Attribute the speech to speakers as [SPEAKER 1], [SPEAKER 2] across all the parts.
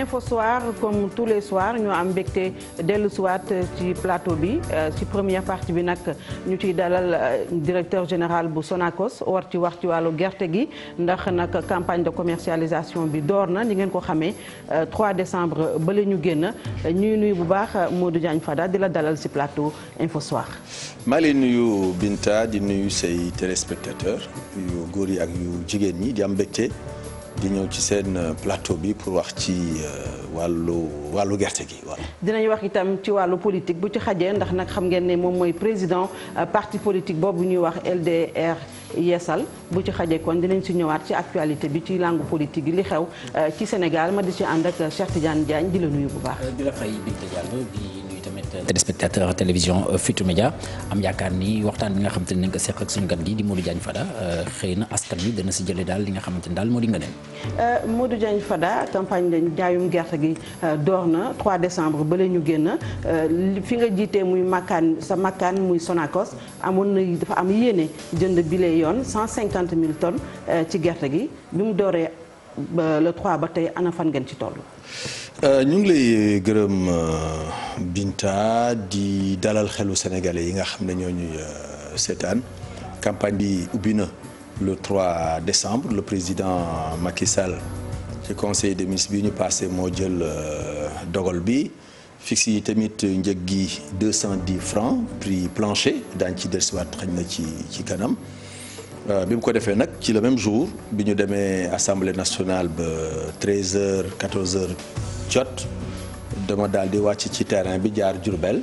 [SPEAKER 1] info soir comme tous les soirs ñoo am mbégte dellu siwaat ci plateau bi euh, ci première partie bi nag ñu ciy dalal euh, directeur général bu Sonacos war ci wax ci wàllu gerte gi ndax nag campagne de commercialisation bi door na ni ngeen ko xamee euh, trois décembre ba la ñu génn ñuy nuyu bu baax Modou Diagne Fada di la dalal ci plateau info soir
[SPEAKER 2] maa leen nuyu Binta di nuyu say téléspectateurs yu góor yi ak yu jigéen ñi di am mbégte di ñëw ci seen euh, plateau bi pour wax ci euh, wàllu wàllu gerte gi voilà.
[SPEAKER 1] dinañ wax itam ci wàllu politique bu ci xajee ndax nag xam ngeen ne moom mooy président euh, parti politique boobu ñuy wax LDR yeesal bu ci xajee kon dinañ ci ñëwaat ci actualité bi ci langue politique bi li xew ci Sénégal ma di ci ànd ak Cheikh Tidiane Diagne di la nuyu bu baax. di la
[SPEAKER 3] téléspectateurs télévision euh, Futur Média am yaakaar ni waxtaan bi nga xamante ne nañ ko seq ak suñu gan gi di Modou Diagne Fada euh, xëy na askan wi dana si jëlee daal li nga xam te ni daal moo di nga neen
[SPEAKER 1] euh, Modou Fada campagne dañ jaayum gerte gi door na 3 décembre ba la ñu génn fi nga jiitee muy makkaan sa makkaan muy Sonacos amoon na dafa am yéene jënd bile yoon 150 000 tonnes ci gerte gi bi mu dooree le 3 ba tey ana fan ngeen ci toll
[SPEAKER 2] Euh, ñu ngi lay gërëm euh, Binta di dalal xelu sénégalais yi nga xam ne ñoo ñuy euh, seetaan campagne bi ubbi na le 3 décembre le président Macky Sall ci conseil de ministres bi ñu passé moo jël dogal bi fixe yi tamit njëg gi 210 francs prix plancher daañ ci dellusiwaat xañ na ci ci kanam bi mu ko defee nag ci le même jour bi ñu demee assemblée nationale ba 13 heures 14 heures jot dama daal di wàcc ci terrain bi jaar Diourbel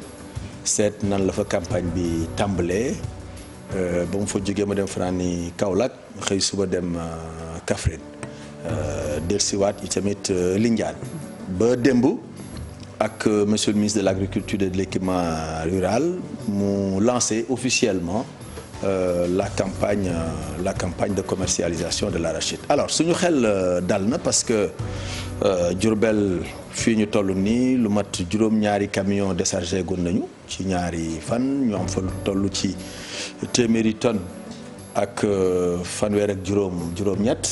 [SPEAKER 2] seet nan la fa campagne bi tàmbalee euh, ba mu fa jógee ma dem ni Kaolack xëy suba dem euh, Kaffrine euh, dellusiwaat itamit Lindiane ba démb ak monsieur le ministre de l'agriculture et de l'équipement rural mu lancé officiellement Euh, la campagne euh, la campagne de commercialisation de l'arachide alors suñu xel dal na parce que Euh, Diourbel fii ñu toll nii lu mat juróom-ñaari camion déchargé gun nañu ci ñaari fan ñoo am fa lu toll ci téeméeri tonne ak euh, fanweer ak juróom juróom-ñett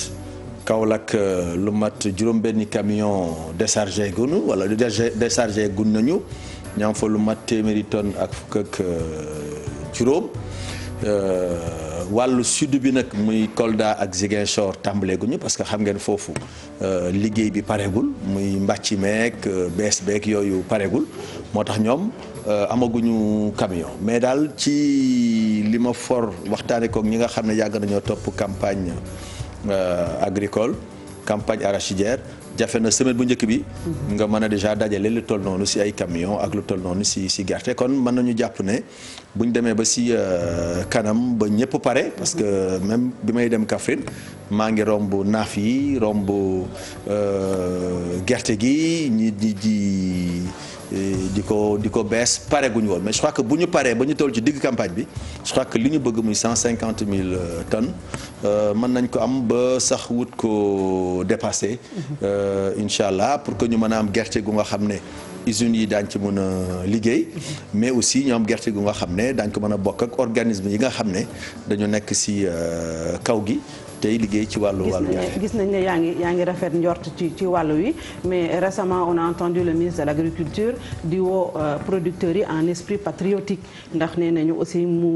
[SPEAKER 2] Kaolack euh, lu mat juróom-benni camion déchargé gunu wala déchargé gun nañu ñu am fa lu mat téeméeri tonne ak fukk ak juróom. wàllu sud bi nag muy Kolda ak Ziguinchor tàmbaleeguñu parce que xam ngeen foofu euh, liggéey bi pareegul muy mbàcc meeg euh, bees beek yooyu pareegul moo tax ñoom euh, amaguñu camion mais daal ci li ma for waxtaanee kook ñi nga xam ne yàgg nañoo topp campagne agricole campagne arachidière jafe na semaine bu njëkk bi. nga mën a déjà dajale lu toll noonu si ay camion ak lu toll noonu si si gerte kon mën nañu jàpp ne bu ñu demee ba si euh, kanam ba ñëpp pare parce que même bi may dem Kaffrine maa ngi romb naaf yi romb euh, gerte gi ñi di. Eh, di ko di ko bees pare gu ñu woon mais je que bu ñu paree ba ñu toll ci digg campagne bi je crois que li ñu bëgg muy cent cinquante mille euh, tonnes euh, mën nañ ko am ba sax wut ko dépassé. Mhm. Euh, incha allah pour que ñu mën a am gerte gu nga xam ne. usines yi daañ ci mën a liggéey mhm. mais aussi ñoom gerte gu nga xam ne daañ ko mën a bokk ak organisme yi nga xam ne dañu nekk si kaw gi tey liggéey ci wàllu wàllu
[SPEAKER 1] gis nañ ne yaa ngi yaa ngi rafet njort ci ci wàllu wi mais récemment on a entendu le ministre de l'agriculture di woo euh, producteurs yi en esprit patriotique ndax nee nañu aussi mu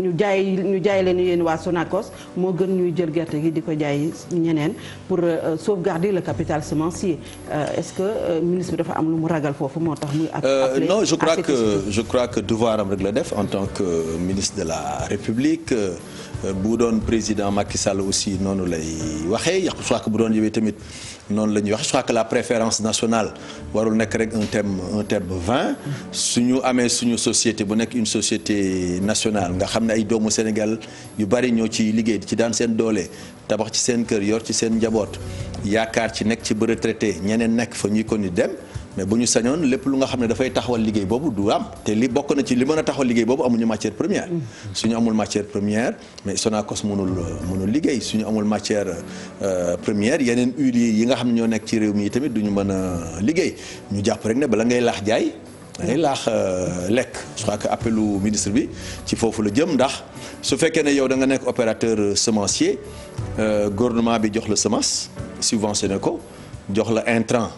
[SPEAKER 1] ñu jaay ñu jaay leen yéen waa Sonacos moo gën ñuy jël gerte gi di ko jaay ñeneen pour euh, sauvegarder la capital semencier euh, est-ce que ministre dafa am lu mu ragal foofu moo tax muy appelé non je crois que
[SPEAKER 2] je crois que devoir am rek la def en tant ministre de la République Euh, bu doon président Macky Sall aussi noonu lay waxee yàqu soit que bu doon yowee tamit noonu la ñuy wax soit que la préférence nationale warul nekk rek un thème un thème vain suñu amee suñu société bu nekk une société nationale nga xam ne ay doomu Sénégal yu bari ñoo ci liggéey ci daan seen doole tabax ci seen kër yor ci seen njaboot yaakaar ci nekk ci ba retraité ñeneen nekk fa ñuy ko ni dem mais bu ñu sañoon lépp lu nga xam ne dafay taxawal liggéey boobu du am te li bokk na ci li mën a taxawal liggéey boobu amuñu matière première. suñu amul matière première mais Sonacos mënul mënul liggéey suñu amul matière euh, première yeneen huiliers yi nga xam ne ñoo nekk ci réew mi tamit duñu mën a liggéey ñu jàpp rek ne bala ngay laax jaay. da ngay laax euh, lekk je crois que appelu ministre bi ci foofu la jëm ndax su fekkee ne yow da nga nekk opérateur euh, semencier gouvernement bi jox la semence subventionné ko jox la intrant.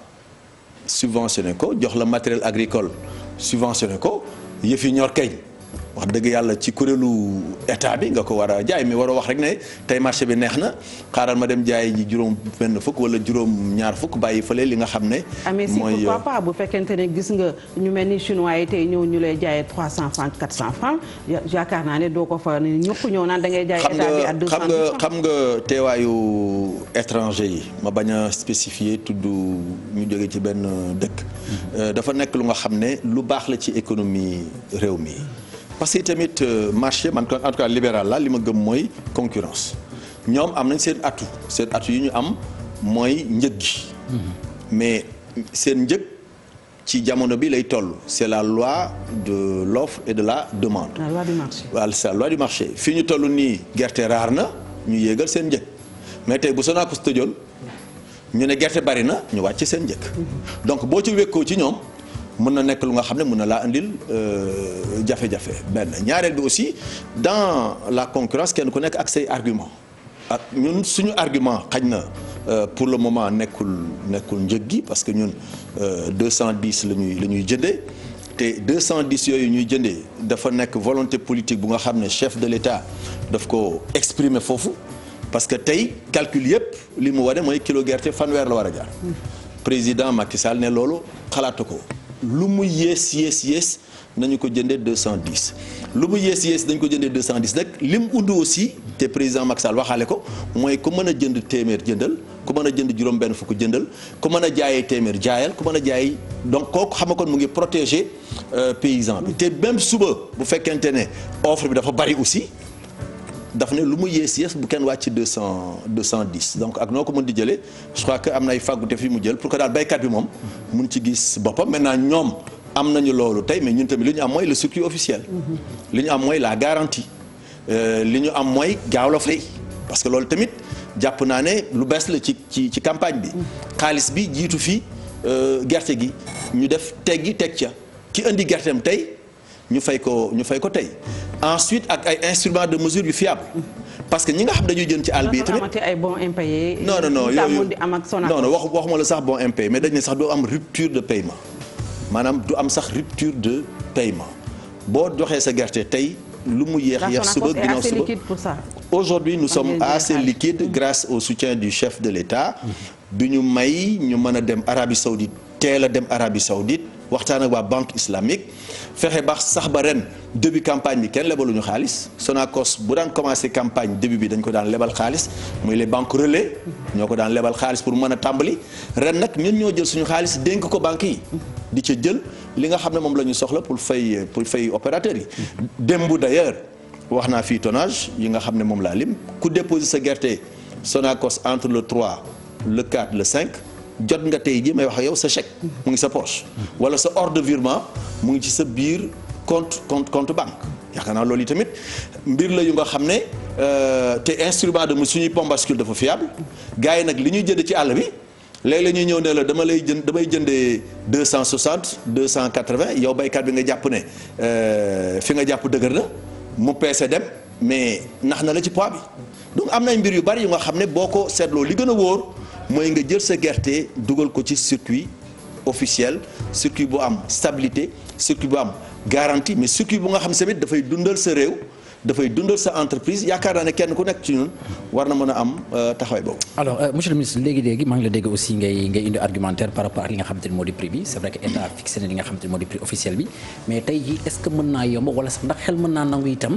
[SPEAKER 2] subventionné ko jox la matériel agricole subventionné ko yëf yi ñor keñ wax dëgg yàlla ci kuréelu état bi nga ko war a jaay mi war a wax rek ne tey marché bi neex na xaaral ma dem jaay ji juróom benn fukk wala juróom ñaar fukk bàyyi fële li nga xam ne. mooy si pourquoi euh,
[SPEAKER 1] pas bu fekkente ne gis nga ñu mel ni chinois yi tey ñëw ñu lay jaayee 300 francs 400 francs yaakaar naa ne doo ko fa ñëpp ñëw naan da ngay jaay état bi at 200 xam nga xam
[SPEAKER 2] nga teewaayu étranger yi ma bañ a spécifier tudd ñu jóge ci benn dëkk. Mm-hmm. Euh, dafa nekk lu nga xam ne lu baax la ci économie réew mi. parce que tamit euh, marché man en tout libéral la li ma gëm mooy concurrence ñoom am nañ seen atu seen atu yi ñu am mooy njëg gi. mais seen njëg ci jamono bi lay toll c' est la loi de l' et de la demande. la loi du marché loi du marché fii ñu toll nii gerte raar na ñu yéegal seen njëg mais tey bu Sonacos tëjoon ñu ne gerte bari na ñu wàcc seen njëg mm-hmm. donc boo ci wékkoo ci ñoom. mën na nekk lu nga xam ne mun na laa indil euh, jafe-jafe benn ñaareel bi aussi dans la concurrence kenn ku nekk ak say argument ak ñun suñu argument xaj na euh, pour le moment nekkul nekkul njëg gi parce que ñun 210 euh, la ñuy la ñuy jëndee te 210 yooyu ñuy jëndee dafa nekk volonté politique bu nga xam ne chef de l'État daf ko exprimer foofu parce que tey calcul yëpp li mu wane mooy kilo gerte fanweer la war a jaar président Macky ne loolu xalaatu ko. lu mu yées yées yées nañu ko jëndee 210 lu mu yées yées dañ ko jëndee 210 nag lim undu aussi te président Macky Sall waxaale ko mooy ku mën a jënd téeméer jëndal ku mën a jënd juróom-benn fukk jëndal ku mën a jaayee téeméer jaayal ku mën a jaay donc kooku xam kon mu ngi protéger euh, paysan bi te même suba bu fekkente ne offre bi dafa bari aussi. daf ne lu mu yées yées bu kenn wàcc deux cent deux cent dix donc ak noo ko mën di jëlee je crois que am na ay fàggute fi mu jël pour ko daal béykat bi moom mun ci gis boppam naa ñoom am nañu loolu tey mais ñun tamit li ñu am mooy le circuit officiel li ñu am mooy la garantie euh, li ñu am mooy gaaw la fay parce que loolu tamit jàpp naa ne lu bees la ci ci ci campagne bi xaalis bi jiitu fi euh, gerte gi ñu def teggi teg ca ki indi gerteem tey ñu fay ko ñu fay ko tey ensuite ak ay instruments de mesure yu fiable parce que ñi nga xam dañuy jën ci àll bi tamit
[SPEAKER 1] ay bons impayés non non non yooyu wax
[SPEAKER 2] waxuma la sax bon impayé mais dañ ne sax du am rupture de paiement maanaam du am sax rupture de paiement boo joxee sa gerte tey lu mu yéex yéex suba ginnaaw suba aujourd'hui nous sommes assez liquides ah. grâce au soutien du chef de l'État du ñu may ñu mën a dem Arabie Saoudite teel a dem Arabie Saoudite waxtaan ak waa banque islamique fexe ba sax ba ren début campagne bi kenn lebaluñu xaalis Sonacos bu daan commencé campagne début bi dañ ko daan lebal xaalis muy les banques relais ñoo ko daan lebal xaalis pour mën a tàmbali ren nag ñun ñoo jël suñu xaalis dénk ko banque yi di ca jël li nga xam ne moom la ñu soxla pour fay pour fay opérateurs yi démb d'ailleurs wax naa fii tonnage yi nga xam ne moom laa lim ku déposé sa gerte Sonacos entre le 3 le 4 le 5 jot nga tey jii may wax ak yow sa check mu ngi sa poche wala sa ordre de mu ngi ci sa biir compte compte compte banque yaakaar naa loolu yi tamit mbir la yu nga xam ne euh, te instrument de suñuy pont bascule dafa fiable gars yi nag li ñuy jënd ci àll bi léeg la ñuy ñëw ne dama lay jënd damay jëndee deux cent soixante deux cent quatre vingt yow baykat bi nga jàpp ne euh, fi nga jàpp dëgër na mu peese dem mais nax na la ci poids bi donc am na mbir yu bari yu nga xam ne boo ko seetloo li gën a wóor. mooy nga jël sa gerte dugal ko ci surtout officiel circuit bu am stabilité circuit bu am garantie mais circuit bu nga xam tamit dafay dundal sa réew dafay dundal sa entreprise yaakaar naa ne kenn ku nekk ci ñun war na mën a am euh, taxawaay boobu.
[SPEAKER 3] alors euh, monsieur le ministre léegi léegi maa ngi la dégg aussi ngay ngay indi argumentaire par rapport ak li nga xamante ne moo di prix bi c'est vrai que état fixé na li nga xamante ne moo di officiel bi mais tey est-ce que ndax xel mën naa nangu itam.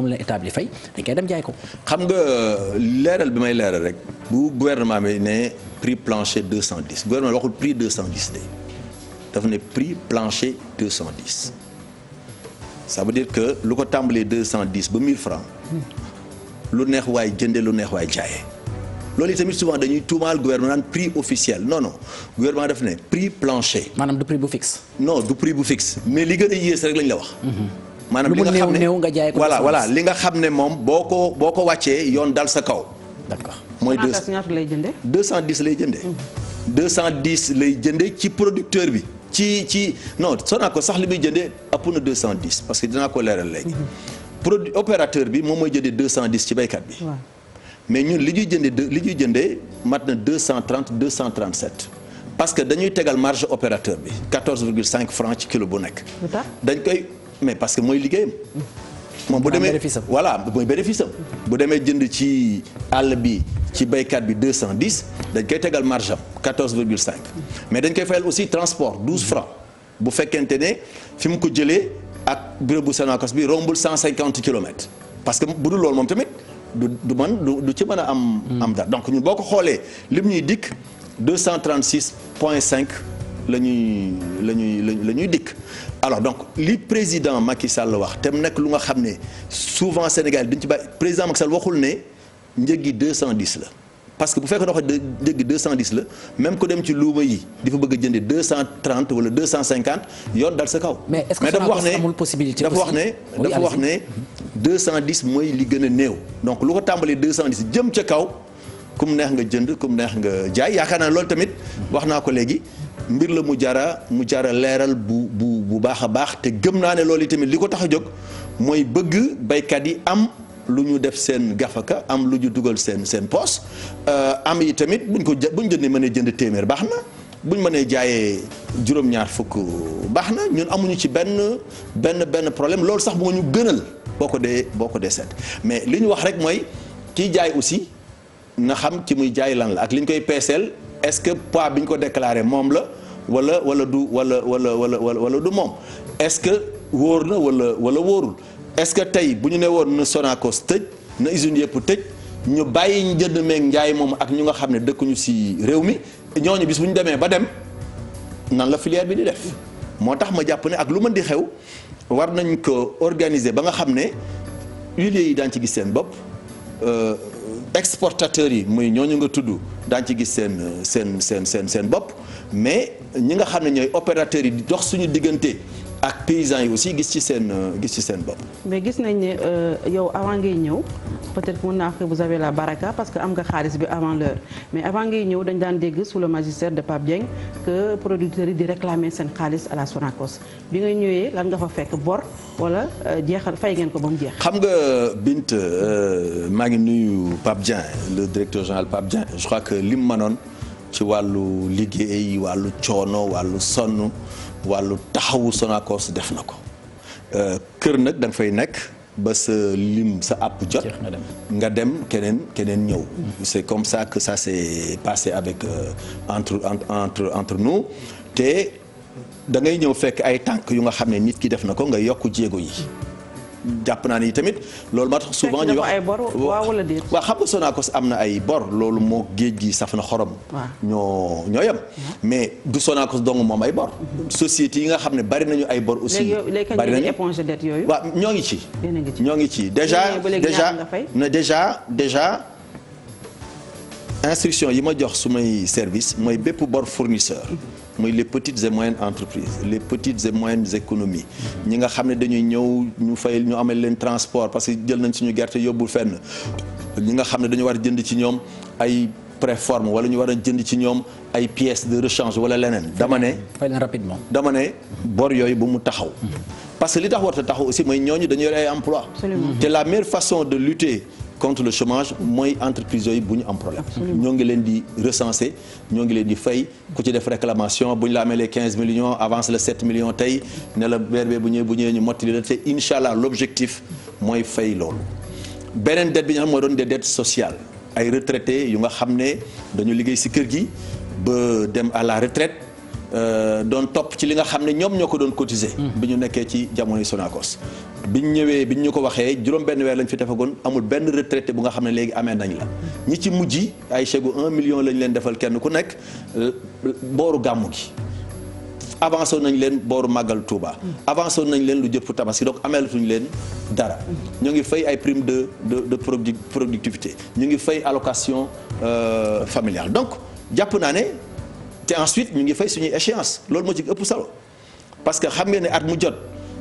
[SPEAKER 3] moom la état bi fay dañ koy dem jaay ko.
[SPEAKER 2] xam nga leeral bi may leeral rek bu gouvernement bi ne prix plancher 210 gouvernement waxul prix 210 de dafa ne prix plancher 210 ça veut dire que lu ko tàmbalee 210 ba mille francs lu neex waaye jëndee lu neex waay jaayee. loolu tamit souvent dañuy tuumaal gouvernement naan prix officiel non non gouvernement daf ne prix plancher. maanaam du prix bu fixe. non du prix bu fixe mais li gën a yées rek lañ la wax. Mhm. maanaam li nga xam ne nga jaay ko voilà li nga xam ne moom boo ko boo ko wàccee yoon dal sa kaw. d'accord mooy deux lay jënde deux cent dix lay jëndee. deux cent dix lay jëndee ci producteur bi. ci ci non ko sax li muy jëndee ëpp na deux cent dix parce que dinaa ko leeral léegi. Mhm. produ opérateur bi moom mooy jëndee deux cent dix ci baykat bi. mais ñun li ñuy jëndee li ñuy jëndee mat na deux cent trente deux cent trente sept. parce que dañuy tegal marge opérateur bi quatorze virgule cinq francs ci kilo bu nekk. dañ koy. mais parce que mooy liggéeyam. moom bu demee voilà mooy bénéfice am. bu demee jënd ci àll bi ci baykat bi 210 dañ koy tegal marge am 14 virgule mais dañ koy fayal aussi transport 12 francs bu fekkente ne fi mu ko jëlee ak bureau bu Sonacos bi rombul 150 kilomètres parce que bu dul lool moom tamit du du man du ci mën a am. am donc ñun boo ko xoolee lim ñuy dikk 236 point 5. la ñuy la ñuy la ñuy dikk alors donc li président Macky Sall wax te mu nekk lu nga xam ne souvent Sénégal dañu ci bàyyi président Macky waxul ne njëg yi 210 la. parce que bu fekkoon dafa njëg 210 la même ku dem ci luuma yi di fa bëgg a jëndee 230 wala 250 yoon dal sa kaw. mais est-ce que dafa wax ne dafa wax ne dafa wax ne 210 mooy li gën a néew. donc lu ko tàmbalee 210 jëm ca kaw kum neex nga jënd kum neex nga jaay yaakaar naa loolu tamit wax naa ko léegi. mbir la mu jara mu jara leeral bu bu bu baax a baax te gëm naa ne loolu tamit li ko tax a jóg mooy bëgg baykat yi am lu ñu def seen gafaka am lu ñu dugal seen seen poos euh, am yi tamit buñ ko buñ jëndee mënee jënd téeméer baax na bu buñ mënee jaayee juróom-ñaar fukk baax na ñun amuñu ci benn benn benn problème loolu sax moo ñu gënal boo ko dee boo ko dee seet mais li ñu wax rek mooy kiy jaay aussi na xam ci muy jaay lan la ak li ñu koy peeseel est-ce que poids bi ñu ko déclaré moom la wala wala du wala wala wala wala du moom est-ce que wóor na wala wala wóorul est-ce que tey bu ñu nee woon na Sonacos tëj na usine yëpp tëj ñu bàyyi njënd meeg njaay moom ak ñu nga xam ne dëkkuñu si réew mi ñooñu bis bu ñu demee ba dem nan la filier bi di def moo tax ma jàpp ne ak lu mën di xew war nañ ko organiser ba nga xam ne huiliers yi daan ci gis seen bopp euh, exportateurs yi muy ñu nga tudd daañu ci gis seen seen seen seen seen bopp mais ñi nga xam ne ñooy opérateurs yi di dox suñu diggante. ak paysans yi aussi gis ci seen euh, gis ci seen bopp.
[SPEAKER 1] mais gis nañ ne euh, yow avant ngay ñëw peut-être mën naa wax que vous avez la baraka parce que am nga xaalis bi avant l'heure mais avant ngay ñëw dañ daan dégg sous le magistère de Pape Dieng que producteurs yi di réclamer seen xaalis à Sonacos bi nga ñëwee lan nga fa fekk bor wala euh, jeexal fay ngeen ko ba mu jeex.
[SPEAKER 2] xam nga Bint maa ngi nuyu Pape Dieng le directeur général Pape Dieng je crois que lim manoon ci wàllu liggéey wàllu coono wàllu sonn. wàllu taxawu Sonacos def na ko euh, kër nag da fay nekk ba sa lim sa àpp jot nga dem keneen keneen ñëw c'est comme ça que ça s'est passé avec euh, entre entre entre nous te da ngay ñëw fekk ay tànk yu nga xam ne nit ki def na ko nga yokk jéego yi jàpp naa ni tamit loolu moo tax souvent ñu wax waaw xam nga Sonacos am na ay bor loolu moo géej gi saf na xorom ñoo ñoo yem mais du Sonacos dong moom ay bor mm-hmm. société yi nga xam ne bari nañu ay bor aussi bari nañu waa ñoo ngi ci ñoo ngi ci déjà déjà na déjà déjà instruction yi ma jox su may service mooy bépp bor fournisseur mm-hmm. muy les petites et moyennes entreprises les petites et moyennes économies ñi nga xam ne dañuy ñëw ñu fay ñu amal leen transport parce que jël nañ suñu gerte yóbbu fenn ñi nga xam ne dañu war a jënd ci ñoom ay préforme wala ñu war a jënd ci ñoom ay pièces de rechange wala leneen dama ne rapidement dama ne bor yooyu bu mu taxaw mm-hmm. parce que li tax warta taxaw aussi mooy ñooñu dañu yore ay emploi te la meilleure façon de lutter contre le chômage mooy entreprise yooyu bu ñu am problème ñoo ngi leen di recenser ñoo ngi leen di fay ku ci def réclamation bu ñu la amee les quinze millions avance le sept millions tey ne la bu ñëwee bu ñëwee ñu mottali la te incha allah l' mooy fay loolu beneen dette bi doon des dettes ay retraités yu nga xam ne dañu liggéey si kër gi ba dem à la retraite euh, doon topp ci li nga xam ne ñoom ñoo ko doon cotiser mm-hmm. bi ñu nekkee ci jamonoy Sonacos biñ ñëwee biñ ñu ko waxee juróom benn weer lañu fi defagoon amul benn retraité bu nga xam ne léegi amee nañ la ñi ci mujj ay chèque un million lañ leen defal kenn ku nekk euh, booru gàmmu gi avancé nañ leen booru màggal Touba. avancé nañ leen lu jëpp tabaski donc ameelatuñ leen dara. ñu ngi fay ay prime de de de productivité ñu ngi fay allocation euh, familiale donc jàpp naa ne te ensuite ñu ngi fay suñuy échéance loolu moo ci ëpp salo parce que xam nga ne at mu jot.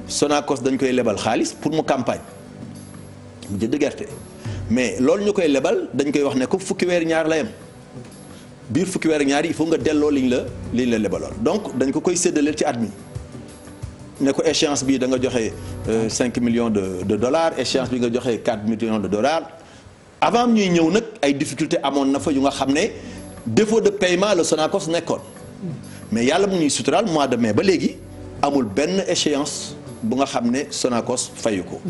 [SPEAKER 2] Sonacos dañ koy lebal xaalis pour mu campagne mu jënd gerte mais loolu ñu koy lebal dañ koy wax ne ko fukki weer ñaar la yem biir fukki weer ñaar il faut nga delloo liñ la liñ la donc dañ ko koy séddaleel ci at mi ne ko échéance bi da nga joxe 5 euh, millions de de dollars échéance bi nga joxe 4 millions de dollars avant ñuy ñëw nag ay difficulté amoon na fa yu nga xam ne défaut de paiement la Sonacos nekkoon mais yàlla mu ñuy suturaal mois de mai ba léegi amul benn échéance. bu nga xam ne Sonacos fayu ko.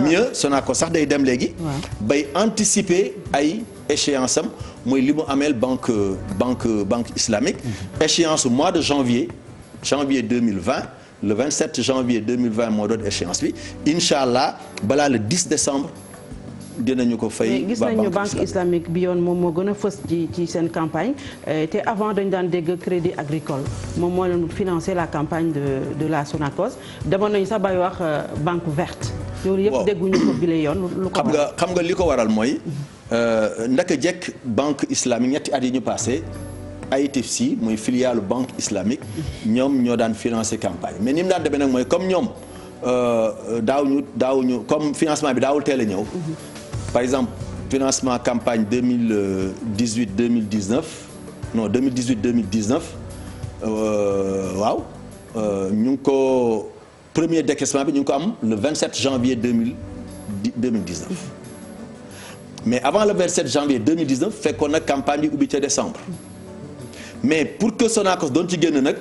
[SPEAKER 2] mieux Sonacos sax day dem léegi. bay anticiper ay échéance am mooy li mu ameel banque banque banque islamique. Mm-hmm. échéance mois de janvier janvier 2020 le 27 janvier 2020 moo doon échéance bi incha allah balaa le 10 décembre. dinañu ko fay. gis nañu banque
[SPEAKER 1] islamique bi yoon moom moo gën a fës ci ci seen campagne euh, te avant dañu daan dégg crédit agricole moom moo leen financer la campagne de la Sonacos demoon nañu sax bay wax euh, banque verte. loolu yëpp dégguñu ko bile yoon. lu ko xam nga
[SPEAKER 2] xam nga li ko waral mooy. Mhm. Euh, ndaka jekk banque islamique ñetti at yi ñu passé ITFC muy filiale banque islamique mhm. ñoom ñoo daan financer campagne mais ni mu daan demee nag mooy comme ñoom daaw ñu daaw ñu comme financement bi daawul teel a ñëw mhm. par exemple financement campagne 2018 2019 non 2018 2019 euh, waaw euh, ñu ngi ko premier décaissement bi ñu ngi ko am le 27 janvier 2000 2019 mais avant le 27 janvier 2019 fekkoon na campagne bi ubbi ca décembre mais pour que Sonacos doon ci génn nag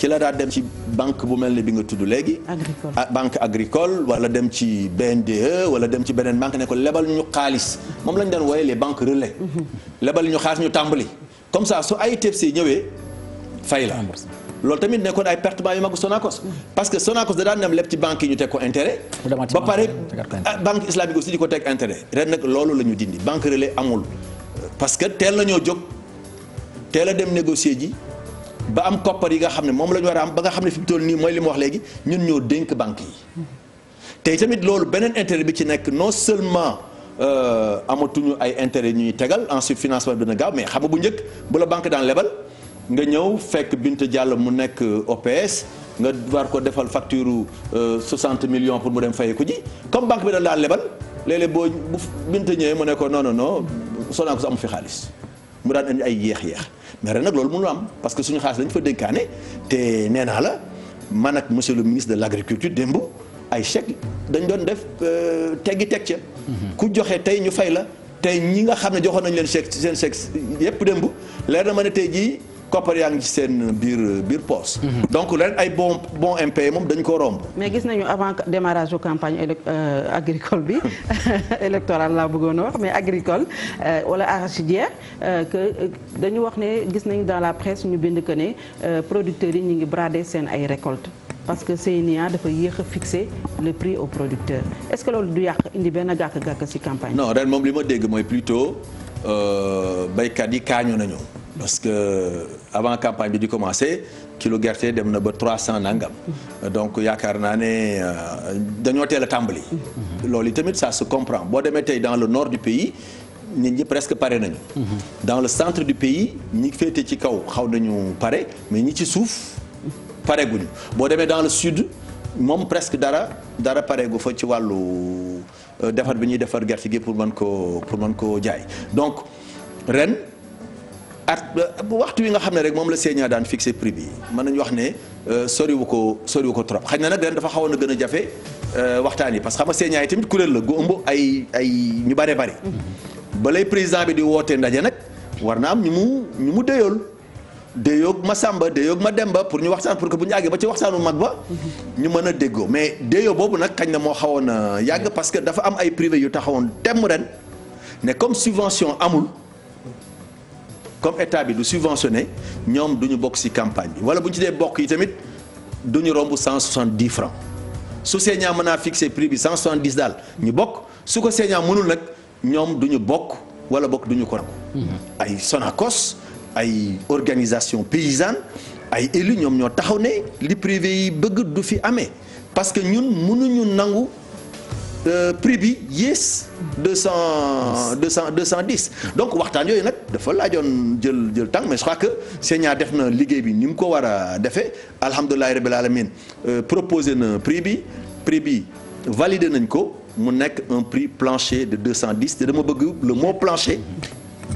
[SPEAKER 2] ci la daa dem ci banque bu mel ne bi nga tudd léegi. agricole ah, banque agricole wala dem ci BNDE wala dem ci beneen banque ne lebal ñu xaalis moom lañ daan wooye banque banques relais. Mhm. lebal ñu xaalis ñu tàmbali. comme ça su ay TFC e ñëwee fay la loolu tamit nekkoon ay pertement yu mag Sonacos mhm. parce que Sonacos da daan dem leb ci banque yi ñu teg ko intérêt. ba pare ah, banque islamique aussi di ko teg intérêt. ren nag loolu la ñu dindi banque relais amul parce que teel na ñoo jóg teel a dem négocier ji. ba am koppar yi nga xam ne moom la ñu war a am ba nga xam ne fi mu toll nii mooy li mu wax léegi ñun ñoo dénk banque yi tey tamit loolu beneen intérêt bi ci nekk non seulement euh, amatuñu ay intérêt ñuy tegal ensuite financement bi dina gaaw mais xam nga bu njëkk bu la banque daan lebal nga ñëw fekk Binta jàll mu nekk OPS nga war ko defal facture 60 euh, million pour mu dem fayee ko ji comme banque bi daan daan lebal léeg-léeg boo bu Binta ñëwee mu ne ko non fi xaalis. mu daan indi ay yéex-yéex mais ren nag loolu mënul am parce que suñu xaalis lañ fa dénkaane te nee la man ak monsieur le ministre de l' agriculture démb ay chèques dañ doon def euh, teggi teg ca. Mhm. ku joxe tey ñu fay la tey ñi nga xam ne joxoon nañ leen chèque seen chèque yépp démb leer na ma ne tey jii. koppar yaa ngi ci seen biir biir poste. Mhm. donc ren ay bon bon impayé moom dañ ko romb.
[SPEAKER 1] mais gis nañu avant démarrage su campagne euh, agricole bi électorale laa bëggoon a wax mais agricole euh, wala arachidière euh, que dañu wax ne gis nañu dans la presse ñu bind que ne producteurs yi ñu ngi brader seen ay récolte parce que CNIA dafa yéex a fixer le prix au producteur est-ce que loolu du yàq indi benn gàkk-gàkk ci campagne. non
[SPEAKER 2] ren moom li ma dégg mooy plutôt baykat yi kaañu nañu. parce que avant campagne bi di commencer kilo gerte dem na ba trois cent nangam. donc yaakaar naa ne euh, dañoo teel a tàmbali. loolu tamit ça se boo demee tey dans le nord du pays nit ñi presque pare nañu. dans le centre du pays ñi féete ci kaw xaw nañu pare mais ñi ci suuf pare guñu boo demee dans le sud moom presque dara dara pare gu fa ci wàllu euh, defar bi ñuy defar gerte gi pour man koo pour mën koo jaay donc ren. at euh, waxtu wi nga xam ne rek moom la seeñaa daan fixé prix bi mën nañu wax ne euh, soriwu ko soriwu ko trop xëy na nag ren dafa xawoon a gën a jafe euh, waxtaan yi parce que xam nga seeñaa yi tamit kuréel la gu ëmb ay ay ñu bare bare mm-hmm. balay président bi di wootee ndaje nag war na am ñu mu ñu mu déyool déyoog ma sàmba déyoog ma dem ba pour ñu waxtaan pour que bu ñu àggee ba ci waxtaanu mag ba mm-hmm. ñu mën a déggoo mais déyoo boobu nag kañ na moo xawoon a yàgg mm-hmm. parce que dafa am ay privé yu taxawoon temm ren ne comme amul comme état bi du subventionné ñoom duñu bokk ci campagne bi wala bu ñu ci dee bokk yi tamit du ñu romb 170 francs su Sénégal mën naa fixé prix bi 170 daal ñu bokk su ko Sénégal mënul nag ñoom du ñu bokk wala bokk du ñu ko nangu. Mhm. ay Sonacos ay organisation paysanne ay élus ñoom ñoo taxaw ne li privé yi bëgg du fi amee parce que ñun mënuñu nangu. Euh, prix bi yées deux cent deux cent deux cent dix donc waxtaan yooyu nag dafa laajoon jël jël temps mais je crois que Sénégal def na liggéey bi ni mu ko war a defee alhamdulilahi rabbil alamin euh, proposé na prix bi prix bi valider nañ ko mu nekk un prix plancher de deux cent dix te dama bëgg le mot plancher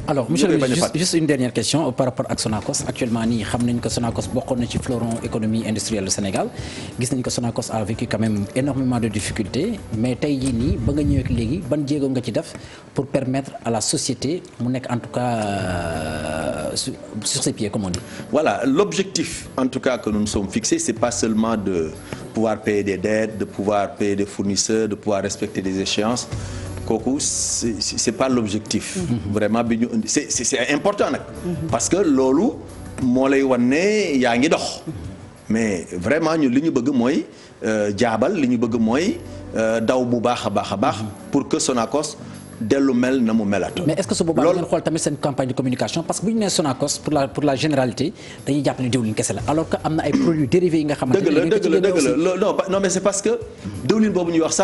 [SPEAKER 3] alors monsieur le ministre juste une dernière question par rapport ak Sonacos actuellement nii xam nañ ko Sonacos bokkoon na ci fleuron économie industrielle du Sénégal gis nañ ko Sonacos a vécu quand même énormément de difficultés mais tey jii nii ba nga ñëwee léegi ban jéego nga ci def pour permettre à la société mu nekk en tout cas euh, sur ses pieds comme on dit.
[SPEAKER 2] voilà l'objectif en tout cas que nous nous sommes fixés c'est pas seulement de pouvoir payer des dettes de pouvoir payer des fournisseurs kooku c'est c'est pas l'objectif mm-hmm. vraiment bi ñu indi c'est important nag mm-hmm. parce loolu moo lay wan ne yaa ngi dox mm-hmm. mais vraiment ñun li ñu bëgg mooy euh, jaabal li ñu bëgg mooy euh, daw bu baax a baax a baax pour que Sonacos dellu mel na mu melatoon. mais est-ce
[SPEAKER 3] que su boobaa ngeen xool tamit seen campagne de communication parce que bu ñu nee Sonacos pour pour la généralité dañuy jàpp ne diwlin kese la alors que am na ay produits dérivés yi nga xamante dëgg la dëgg la dëgg
[SPEAKER 2] mais c'est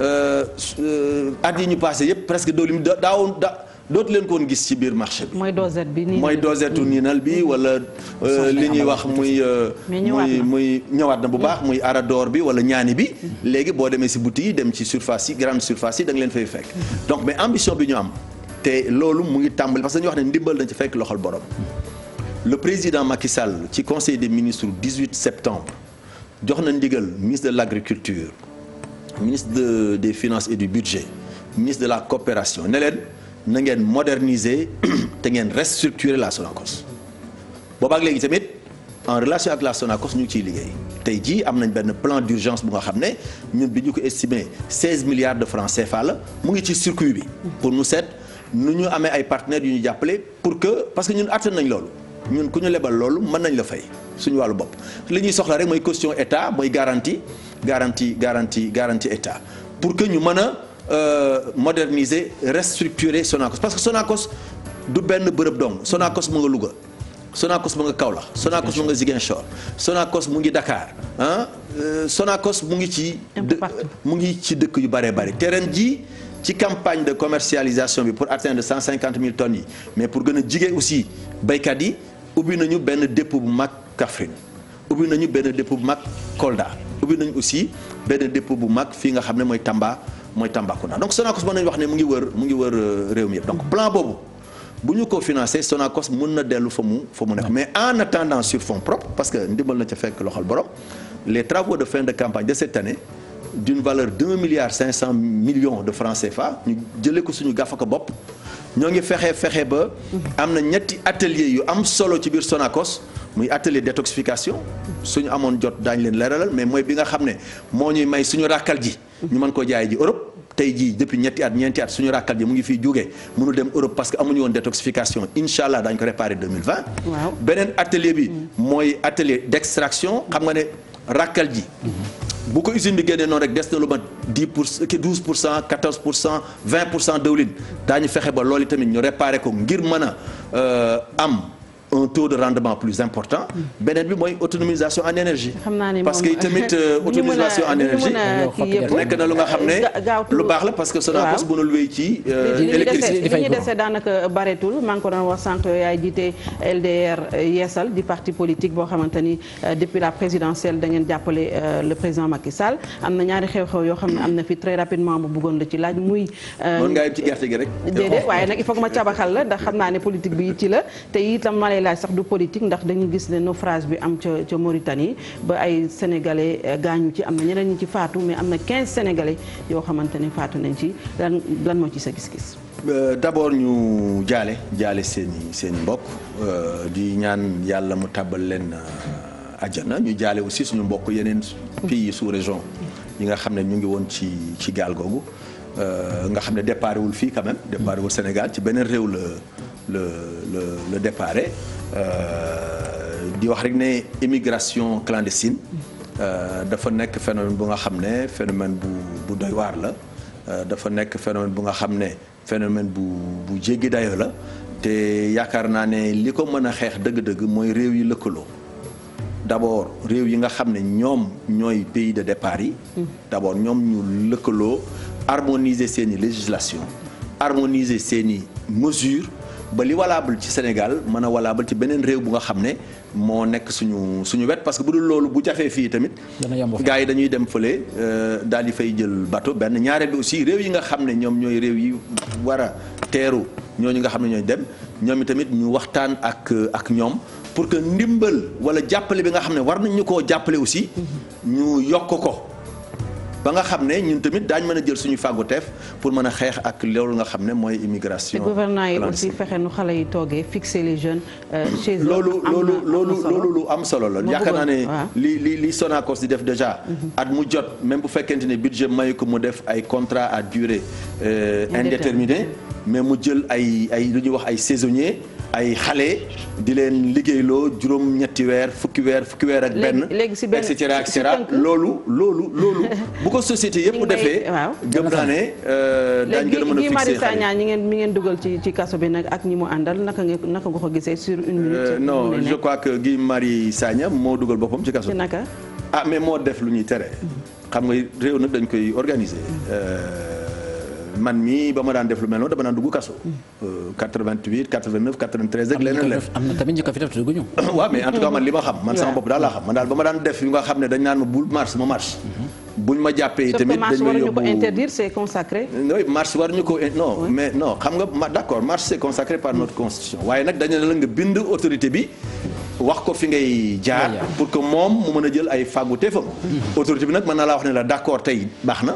[SPEAKER 2] Euh, euh, at yi ñu passé yëpp presque doo lim daawoon da dootu leen koon gis ci biir marché bi. mooy dosette bi mooy dosettu niinal bi wala. Euh, li ñuy wax muy. muy muy ñëwaat na bu baax muy aradoor bi wala ñaani bi. Mm-hmm. léegi boo demee si boutique yi dem ci surface yi grande surface yi da leen fay fekk. Mm-hmm. donc mais ambition bi ñu am. te loolu mu ngi tàmbali parce que dañuy wax ne ndimbal dañ ci fekk loxol borom. Mm-hmm. le président Macky Sall ci conseil des ministres 18 septembre jox na ndigal ministre de l' agriculture. ministre de des finances et du budget ministre de la coopération neleen leen na ngeen moderniser te ngeen restructurer la Sonacos boobaak léegi tamit en relation ak la Sonacos ñu ngi ciy liggéey tey jii am nañ benn plan d'urgence bu nga xam ne ñun bi ñu ko estimé 16 milliards de francs CFA la mu ngi ci circuit bi pour ñu seet nu ñu amee ay partenaires yu ñu jàppale pour que parce que ñun attan nañ loolu ñun ku ñu lebal loolu mën nañ la fay suñu wàllu bopp li ñuy soxla rek mooy caution état mooy garantie garantie garantie garantie état pour que ñu mën a euh, moderniser restructurer Sonacos parce que sonakos du benn bërëb dong Sonacos mu nga Louga Sonacos mu nga Kaolack Sonacos mu nga Ziguinchor Sonacos mu ngi dakaar ah euh, Sonacos mu ngi ci mu ngi ci dëkk yu bare bare tereen ji ci campagne de commercialisation bi pour atteindre cent cinquante mille tonnes yi mais pour gën a jigee aussi baykat yi ubbi nañu benn dépôt bu mag Kaffrine ubbi nañu benn dépôt bu mag Kolda ubbi nañ aussi benn dépôt bu mag fi nga xam ne mooy Tamba mooy Tambacounda donc Sonacos mën nañu wax ne mu ngi wër mu ngi wër euh, réew mi yëpp donc plan boobu bu ñu ko financé Sonacos mën na dellu fa mu fa mu nekk mais en attendant sur fonds propres parce que ndimal na ca fekk loxol borom le travaux de fin de campagne de cette année d'une valeur d'un milliard cinq cent millions de francs fa ñu jëlee ko suñu gafa ko bopp ñoo ngi fexe fexe ba am na ñetti atelier yu am solo ci biir Sonacos muy atelier détoxification ñu amoon jot daañu leen leeralal mais mooy bi nga xam ne moo ñuy may suñu ràkkal ji ñu mën ko jaaye ji Europe tey jii depuis ñetti at ñeenti at suñu ràkkal ji mu ngi fi jógee mënu dem Europe parce que amuñu woon détoxification incha allah daañu ko réparer 2020 waaw beneen atelier bi mooy atelier d' xam nga ne ràkkal ji bu ko usine bi génnee noonu rek des na lu mat 10 pour 12 pour cent 14 pour cent 20 pour cent dëwlin daañu fexe ba loolu tamit ñu réparé ko ngir mën a euh, am. un taux de rendement plus important beneen bi mooy autonomisation en énergie parce que tamit euh, autonomisation en énergie nekk na lu nga xam ne lu baax la parce que Sonacos mënul wéy ci euh, électricité li dese
[SPEAKER 1] daanaka bareetul maa ngi ko doon wax sànq yaay jiite LDR euh, yeesal di parti politique boo xamante ni depuis la présidentielle da ngeen jàppale le président Macky Sall am na ñaari xew-xew yoo xam ne am na fi très rapidement ma bëggoon la ci laaj muy mën ngaa yem gi rek lay sax du politique ndax dañu gis ne naufrage bi am ca ca Mauritanie ba ay sénégalais eh, gaañu ci am na ñeneen ñi ci faatu mais am na quinze sénégalais yoo xamante ne faatu nañ ci lan moo ci sa gis-gis.
[SPEAKER 2] d'abord ñu jaale jaale seeni i seen i mbokk euh, di ñaan yàlla mu tàbbal leen euh, àjjana ñu jaale aussi suñu mbokk yeneen pays yi sous région yi nga xam ne ñu ngi woon ci ci gaal googu euh, nga xam ne départ wul fii quand même départ wul Sénégal ci beneen réew la. le le le départ euh, di wax rek ne immigration clandestine euh, dafa nekk phénomène bu nga xam ne phénomène bu bu doy waar la euh, dafa nekk phénomène bu nga xam ne phénomène bu bu jéggi dayo la te yaakaar naa ne li ko mën a xeex dëgg-dëgg mooy réew yi lëkkaloo d'abord réew yi nga xam ne ñoom ñooy pays de départ yi d'abord ñoom ñu lëkkaloo harmoniser seeni législation harmoniser seeni mesures ba li valable ci Sénégal mën a valable ci beneen réew bu nga xam ne moo nekk suñu suñu wet parce que bu dul loolu bu jafee fii tamit. gaa yi dañuy dem fële euh, daal di fay jël bateau benn ñaareel bi aussi réew yi nga xam ne ñoom ñooy réew yi war a teeru ñooñu nga xam ne ñooy dem ñoom itamit ñu waxtaan ak ak ñoom. pour que ndimbal wala jàppale bi nga xam ne war nañ ñu koo jàppale aussi mm-hmm. ñu yokk ko ba nga xam ne ñun tamit daañ mën a jël suñu fàgguteef pour mën a xeex ak loolu nga xam ne mooy immigration. gouvernement yi aussi
[SPEAKER 1] fexe nu xale yi toogee fixer les jeunes. Euh,
[SPEAKER 2] loolu loolu loolu lu am solo la. yaakaar naa ne lii li li Sonacos di def déjà. Mhm. at mu jot même bu fekkente ne budget mayu ko mu def ay contrat à durée euh, indéterminée mais mu jël ay ay lu ñuy wax ay saisonniers. ay xale di leen liggéeyloo juróom ñetti weer fukki weer fukki weer ak benn léegi si benn et loolu loolu loolu bu ko société yëpp defee gëm naa ne euh, daañ gën a mën a fixé xale
[SPEAKER 1] ñi ngeen mi ngeen dugal ci ci kaso bi nag ak ñi mu àndal naka nga naka nga ko gisee sur une minute euh, non je crois
[SPEAKER 2] que Guy Marie Sagna moo dugal boppam ci kaso nag ah mais moo def lu ñuy tere mm-hmm. xam nga réew nag dañ koy organiser mm-hmm. euh, man mii ba ma daan def lu mel noonu dama daan dugg kaso. 88 89 93 ak leneen leneen.
[SPEAKER 3] am na tamit ñu ko fi def te dugguñu. waaw mais en tout cas man li ma xam
[SPEAKER 2] man sama bopp daal laa xam man daal ba ma daan def yu nga xam ne dañ naan nga d'accord marche bind autorité bi. wax ko fi ngay jaar pour que moom mu mën a jël ay fàggu teefam. Mm-hmm. autorité bi nag mën naa laa wax ne la d'accord tey baax na.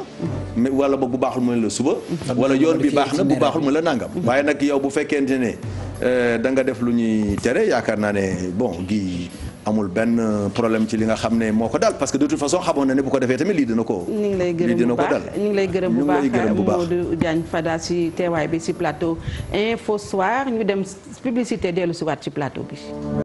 [SPEAKER 2] wala boog bu baaxul mu la suba. wala yoon bi baax na bu baaxul mu la nangam. waaye nag yow bu fekkente ne euh, da nga def lu ñuy tere yaakaar naa ne bon gi amul benn problème ci li nga xam ne moo ko daal parce que de toute façon xamoon na ne bu ko defee tamit lii dina ko.
[SPEAKER 1] lii dina ko daal ñu ngi lay gërëm bu baax ñu ngi lay bu baax Modou si teewaay bi si plateau info soir ñu dem publicité dellu si waat ci plateau bi.